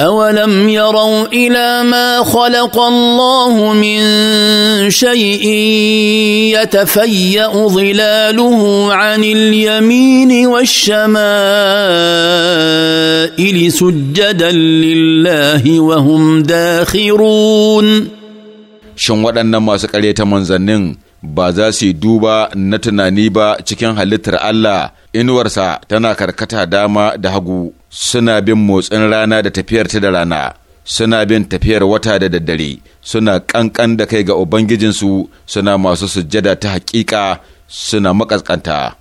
أولم يروا إلى ما خلق الله من شيء يتفيأ ظلاله عن اليمين والشمائل سجدا لله وهم داخرون shin waɗannan masu ƙaryata manzannin ba za su yi duba na tunani ba cikin halittar Allah inuwarsa tana karkata dama da hagu suna bin motsin rana da tafiyar ta da rana suna bin tafiyar wata da daddare suna kankan da kai ga ubangijinsu suna masu sujjada ta hakika suna makaskanta